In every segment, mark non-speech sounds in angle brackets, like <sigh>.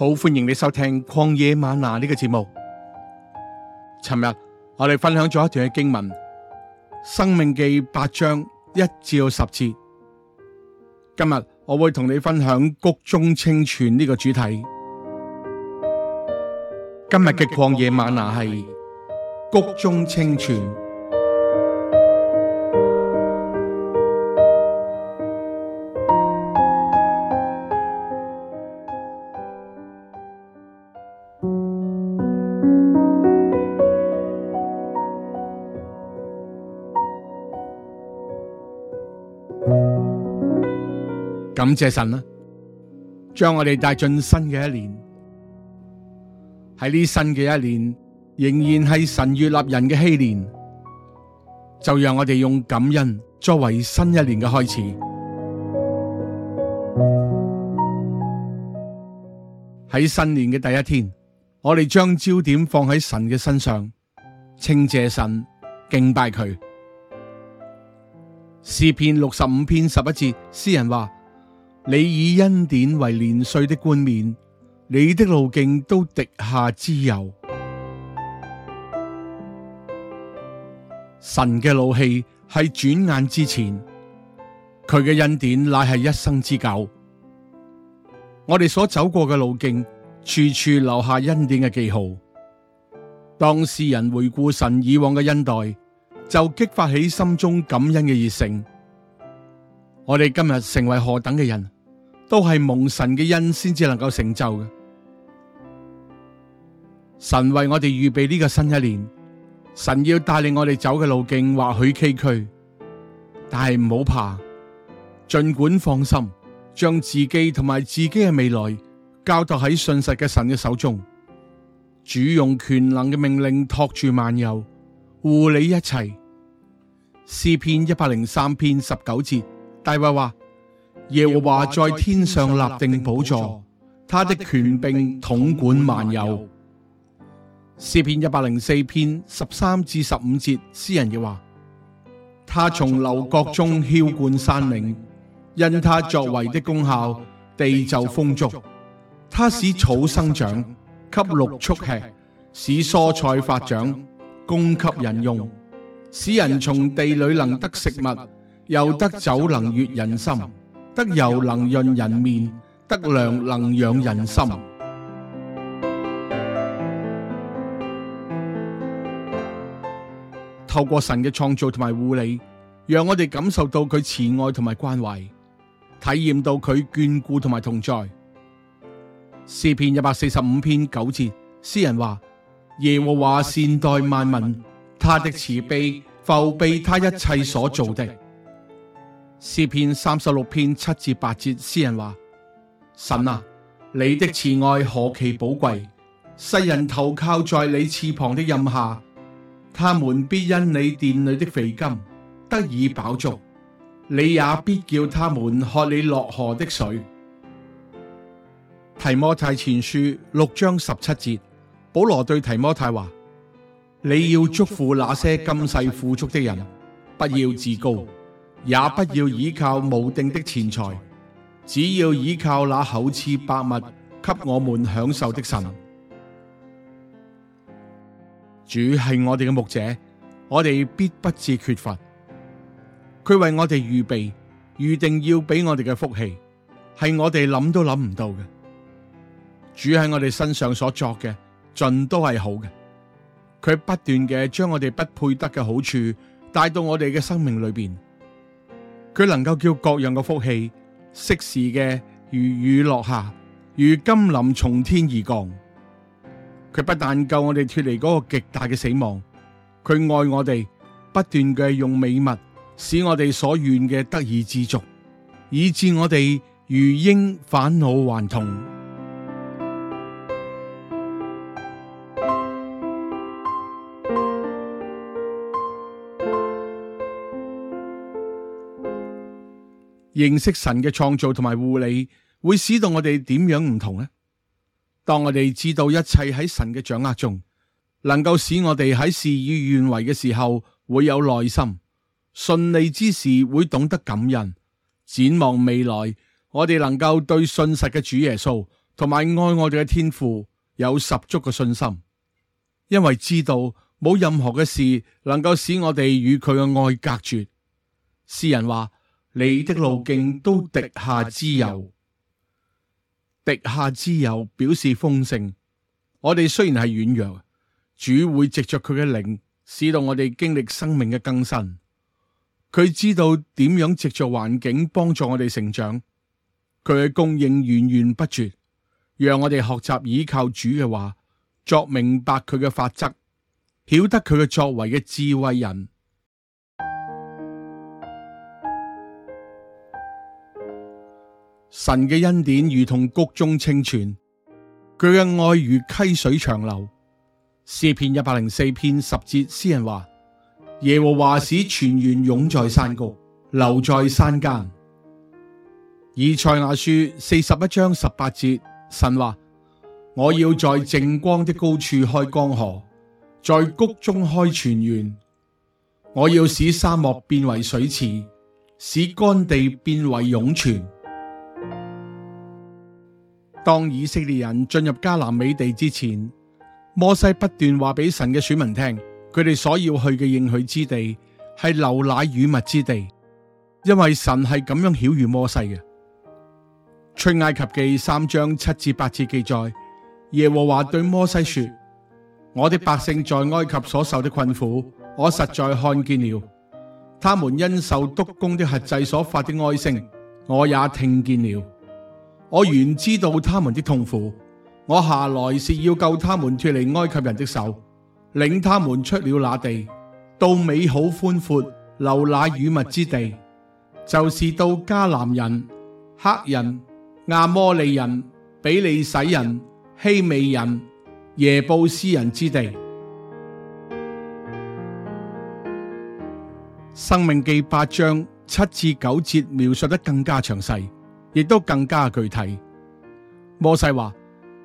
好歡迎你收聽曠野嗎哪呢個節目。尋日我哋分享咗一段嘅經文《申命記》八章一至到十節。今日我會同你分享谷中清泉呢個主題。今日嘅曠野嗎哪係谷中清泉。感謝神啦、啊，將我哋帶進新嘅一年。喺呢新嘅一年，仍然係神悅納人嘅禧年，就讓我哋用感恩作為新一年嘅開始。喺新年嘅第一天，我哋將焦點放喺神嘅身上，稱謝神，敬拜佢。詩篇六十五篇十一節，詩人話。你以恩典為年歲的冠冕，你的路徑都滴下脂油。神嘅怒氣係轉眼之前，佢嘅恩典乃係一生之久。我哋所走過嘅路徑，處處留下恩典嘅記號。當世人回顧神以往嘅恩待，就激發起心中感恩嘅熱誠。我哋今日成為何等嘅人，都係蒙神嘅恩先至能夠成就嘅。神為我哋預備呢個新一年，神要帶領我哋走嘅路徑或許崎嶇，但係唔好怕，盡管放心，將自己同埋自己嘅未來交託喺信實嘅神嘅手中。主用權能嘅命令托住萬有，護理一切。詩篇一百零三篇十九節。大衛話：耶和華在天上立定寶座，他的權柄統管萬有。詩篇一百零四篇十三至十五節，詩人亦話：他從樓閣中澆灌山嶺，因他作為的功效，地就豐足。他使草生長，給六畜吃；使蔬菜發長，供給人用；使人從地裏能得食物。又得酒能悅人心，得油能潤人面，得糧能養人心。透過神嘅創造同埋護理，讓我哋感受到佢慈愛同埋關懷，體驗到佢眷顧同埋同在。詩篇一百四十五篇九節，詩人話：耶和華善待萬民，他的慈悲，覆庇他一切所造的。詩篇三十六篇七至八節，詩人話：神啊，你的慈愛何其寶貴！世人投靠在你翅膀的蔭下，他們必因你殿裏的肥甘得以飽足。你也必叫他們喝你落河的水。提摩太前書六章十七節，保羅對提摩太話：你要祝福那些今世富足的人，不要自高。也不要倚靠無定的錢財，只要倚靠那厚賜百物給我們享受的神。 <noise> 主係我哋嘅牧者，我哋必不致缺乏。佢為我哋預備、預定要俾我哋嘅福氣，係我哋諗都諗唔到嘅。主喺我哋身上所作嘅，盡都係好嘅。佢不斷嘅將我哋不配得嘅好處帶到我哋嘅生命裏邊。佢能夠叫各樣嘅福氣適時嘅如雨落下，如甘霖從天而降。佢不但救我哋脱離嗰個極大嘅死亡，佢愛我哋，不斷嘅用美物使我哋所願嘅得以知足，以致我哋如鷹返老還童。認識神嘅創造同埋護理，會使到我哋點樣唔同呢？當我哋知道一切喺神嘅掌握中，能夠使我哋喺事與願違嘅時候會有耐心；順利之時會懂得感恩；展望未來，我哋能夠對信實嘅主耶穌同埋愛我哋嘅天父有十足嘅信心，因為知道冇任何嘅事能夠使我哋與佢嘅愛隔絕。詩人話：你的路徑都滴下脂油，滴下脂油表示豐盛。我哋雖然係軟弱，主會藉着佢嘅靈，使到我哋經歷生命嘅更新。佢知道點樣藉著環境幫助我哋成長，佢嘅供應源源不絕，讓我哋學習倚靠主嘅話，作明白佢嘅法則，曉得佢嘅作為嘅智慧人。神嘅恩典如同谷中清泉，佢嘅愛如溪水長流。詩篇一百零四篇十節，詩人話：耶和華使泉源湧在山谷，流在山間。以賽亞書四十一章十八節，神話：我要在淨光的高處開江河，在谷中開泉源。我要使沙漠變為水池，使乾地變為湧泉。當以色列人進入迦南美地之前，摩西不斷話俾神嘅選民聽，佢哋所要去嘅應許之地係流奶與蜜之地，因為神係咁樣曉諭摩西嘅。出埃及記三章七至八節記載，耶和華對摩西說：我的百姓在埃及所受的困苦，我實在看見了，他們因受督工的轄制所發的哀聲，我也聽見了。我原知道他們的痛苦，我下來是要救他們脱離埃及人的手，領他們出了那地，到美好寬闊、流奶與蜜之地，就是到迦南人、黑人、亞摩利人、比利洗人、希未人、耶布斯人之地。申命記八章七至九節描述得更加詳細。亦都更加具體。摩西話：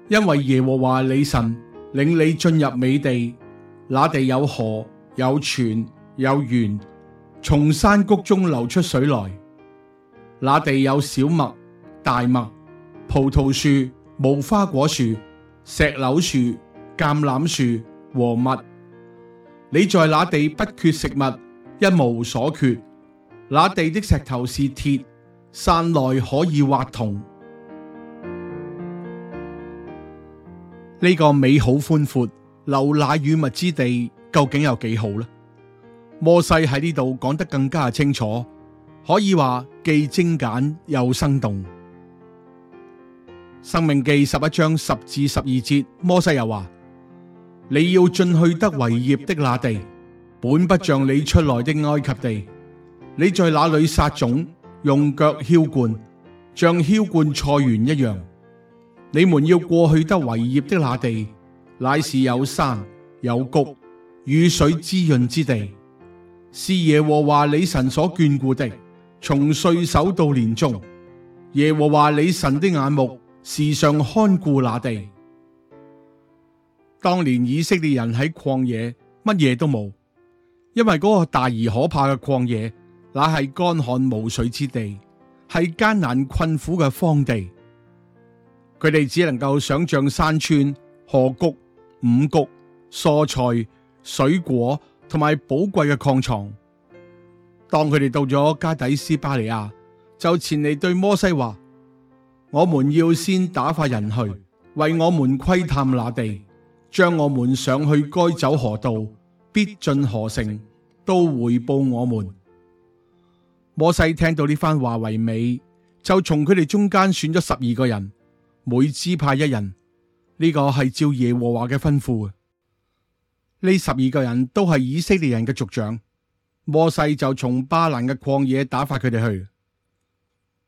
因為耶和華你神領你進入美地，那地有河、有泉、有源，從山谷中流出水來。那地有小麥、大麥、葡萄樹、無花果樹、石榴樹、橄欖樹和蜜。你在那地不缺食物，一無所缺。那地的石頭是鐵。山內可以挖銅，呢、這個美好寬闊、流奶與蜜之地究竟有幾好呢？摩西喺呢度講得更加清楚，可以話既精簡又生動。《申命記》十一章十至十二節，摩西又話：你要進去得為業的那地，本不像你出來的埃及地，你在那裏撒種，用腳澆灌，像澆灌菜園一樣。你們要過去得為業的那地，乃是有山有谷，雨水滋潤之地，是耶和華你神所眷顧的，從歲首到年終，耶和華你神的眼目時常看顧那地。當年以色列人喺曠野，乜嘢都冇，因為嗰個大而可怕嘅曠野。那係乾旱無水之地，係艱難困苦嘅荒地。佢哋只能夠想象山川、河谷、五穀、蔬菜、水果同埋寶貴嘅礦牀。當佢哋到咗加底斯巴尼亞，就前嚟對摩西話：我們要先打發人去為我們窺探那地，將我們上去該走何道、必進何城，都回報我們。摩西聽到呢番話為美，就從佢哋中間選咗十二個人，每支派一人。呢、這個係照耶和華嘅吩咐。呢十二個人都係以色列人嘅族長。摩西就從巴蘭嘅曠野打發佢哋去。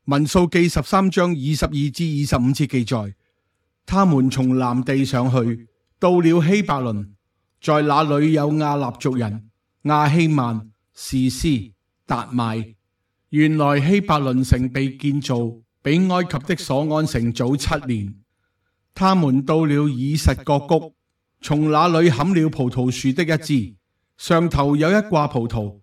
民數記十三章二十二至二十五節記載，他們從南地上去，到了希伯倫，在那裡有亞納族人、亞希曼、士師、達邁。原來希伯倫城被建造比埃及的所安城早七年。他們到了以實各谷，從那裏砍了葡萄樹的一枝，上頭有一掛葡萄。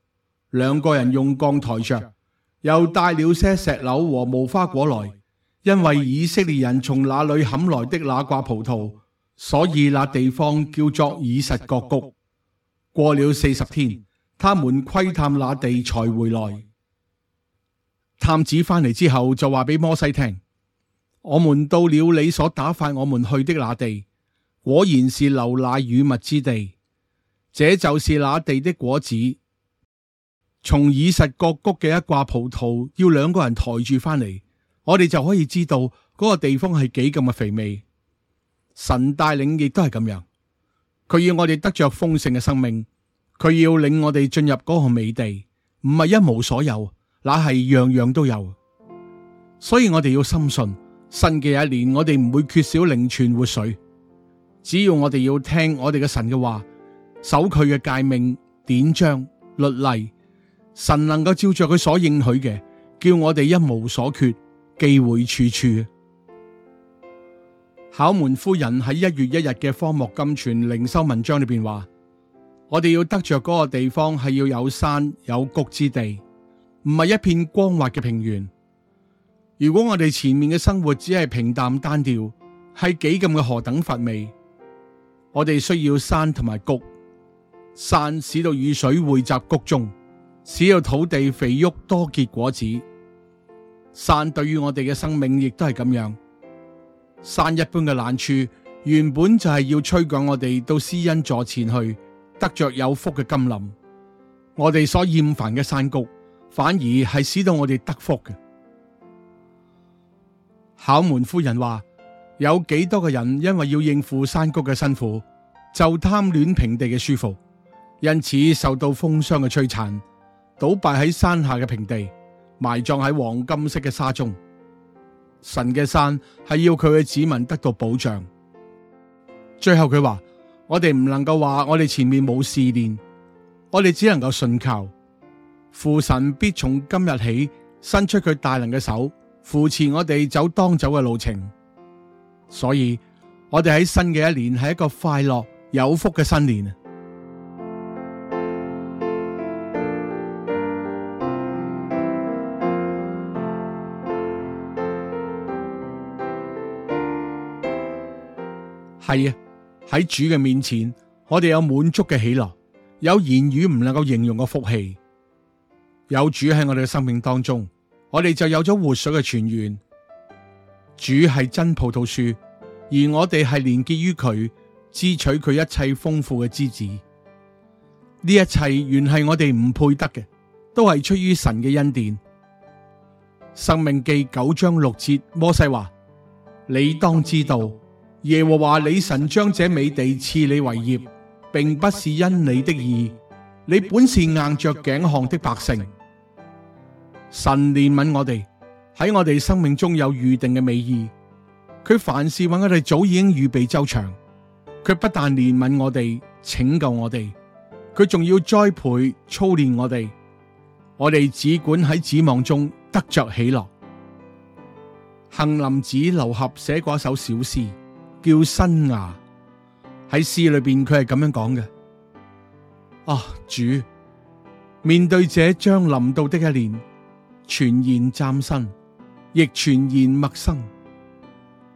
兩個人用槓抬着，又帶了些石榴和無花果來。因為以色列人從那裏砍來的那掛葡萄，所以那地方叫做以實各谷。過了四十天，他們窺探那地才回來。探子翻嚟之後就話俾摩西聽，我們到了你所打發我們去的那地，果然是流奶與蜜之地。這就是那地的果子。從以實各谷嘅一掛葡萄要兩個人抬住翻嚟，我哋就可以知道嗰個地方係幾咁嘅肥美。神帶領亦都係咁樣，佢要我哋得着豐盛嘅生命，佢要領我哋進入嗰個美地，唔係一無所有。那係樣樣都有，所以我哋要深信新嘅一年，我哋唔會缺少靈泉活水。只要我哋要聽我哋嘅神嘅話，守佢嘅誡命、典章、律例，神能夠照着佢所應許嘅，叫我哋一無所缺，機會處處。考門夫人喺一月一日嘅荒漠甘泉靈修文章裏邊話：我哋要得着嗰個地方係要有山有谷之地。唔係一片光滑嘅平原。如果我哋前面嘅生活只係平淡單調，係幾咁嘅何等乏味。我哋需要山同埋谷，山使到雨水匯集谷中，使到土地肥沃多結果子。山對於我哋嘅生命亦都係咁樣。山一般嘅難處，原本就係要催趕我哋到施恩座前去，得着有福嘅甘霖。我哋所厭煩嘅山谷。反而係使到我哋得福嘅。考門夫人話：有幾多個人因為要應付山谷嘅辛苦，就貪戀平地嘅舒服，因此受到風霜嘅摧殘，倒敗喺山下嘅平地，埋葬喺黃金色嘅沙中。神嘅山係要佢嘅子民得到保障。最後佢話：我哋唔能夠話我哋前面冇試煉，我哋只能夠信靠。父神必從今日起，伸出佢大能嘅手，扶持我哋走當走嘅路程。所以，我哋喺新嘅一年係一個快樂、有福嘅新年 <music> 啊！係啊，喺主嘅面前，我哋有滿足嘅喜樂，有言語唔能夠形容嘅福氣。有主喺我哋嘅生命當中，我哋就有咗活水嘅泉源。主係真葡萄樹，而我哋係連結於佢，支取佢一切豐富嘅枝子。呢一切原係我哋唔配得嘅，都係出於神嘅恩典。《申命記》九章六節，摩西話：你當知道，耶和華你神將這美地賜你為業，並不是因你的義。」你本是硬着頸項的百姓，神憐憫我哋，喺我哋生命中有預定嘅美意，佢凡事為我哋早已經預備周詳，佢不但憐憫我哋，拯救我哋，佢仲要栽培操練我哋，我哋只管喺指望中得着喜樂。杏林子劉俠寫過一首小詩，叫《新芽》，喺詩裏邊佢係咁樣講嘅。啊、哦！主，面對這將臨到的一年，全然嶄新，亦全然陌生。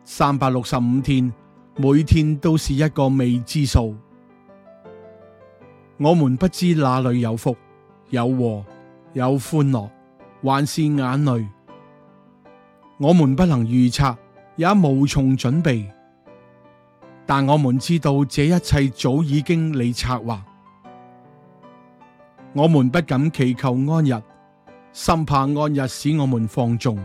三百六十五天，每天都是一個未知數。我們不知哪裡有福有禍，有歡樂，還是眼淚。我們不能預測，也無從準備。但我們知道，這一切早已經你策劃。我們不敢祈求安逸，心怕安逸使我們放縱；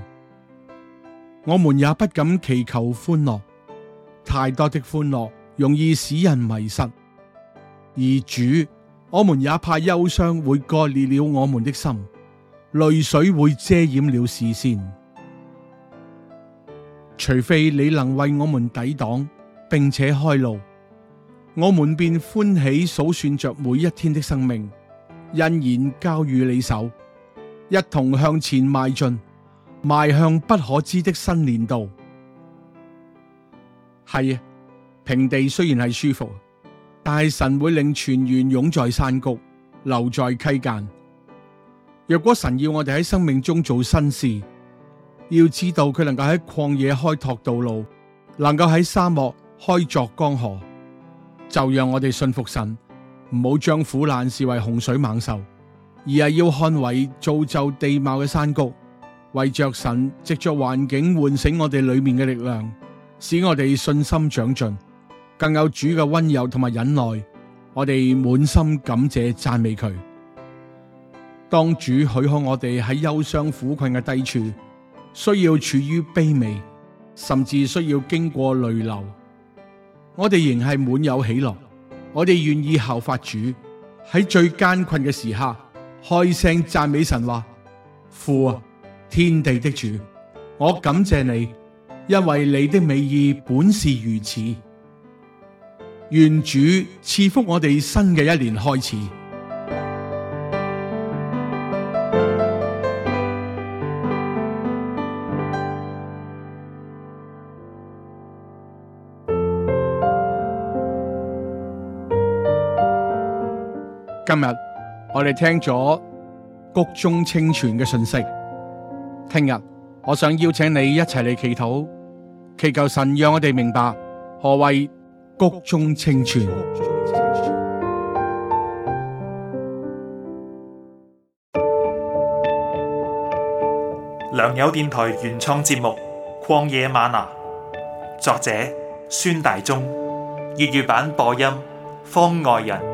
我們也不敢祈求歡樂，太多的歡樂容易使人迷失。而主，我們也怕憂傷會割裂了我們的心，淚水會遮掩了視線。除非你能為我們抵擋並且開路，我們便歡喜數算着每一天的生命。欣然交予你手，一同向前邁進，邁向不可知的新年度。係啊，平地雖然係舒服，但係神會令全員湧在山谷，留在溪澗。若果神要我哋喺生命中做新事，要知道佢能夠喺曠野開拓道路，能夠喺沙漠開鑿江河，就讓我哋信服神。唔好將苦難視為洪水猛獸，而係要看為造就地貌嘅山谷，為着神藉着環境喚醒我哋裏面嘅力量，使我哋信心長進，更有主嘅溫柔同埋忍耐，我哋滿心感謝讚美佢。當主許可我哋喺憂傷苦困嘅低處，需要處於卑微，甚至需要經過淚流，我哋仍係滿有喜樂。我哋願意效法主，喺最艱困嘅時刻開聲讚美神，話，父啊，天地的主，我感謝你，因為你的美意本是如此。願主賜福我哋新嘅一年開始。今日我哋聽咗谷中清泉嘅信息，聽日我想邀請你一齊嚟祈禱，祈求神讓我哋明白何謂谷，谷中清泉。良友電台原創節目《曠野嗎哪》，作者孫大中，粵語版播音方外人。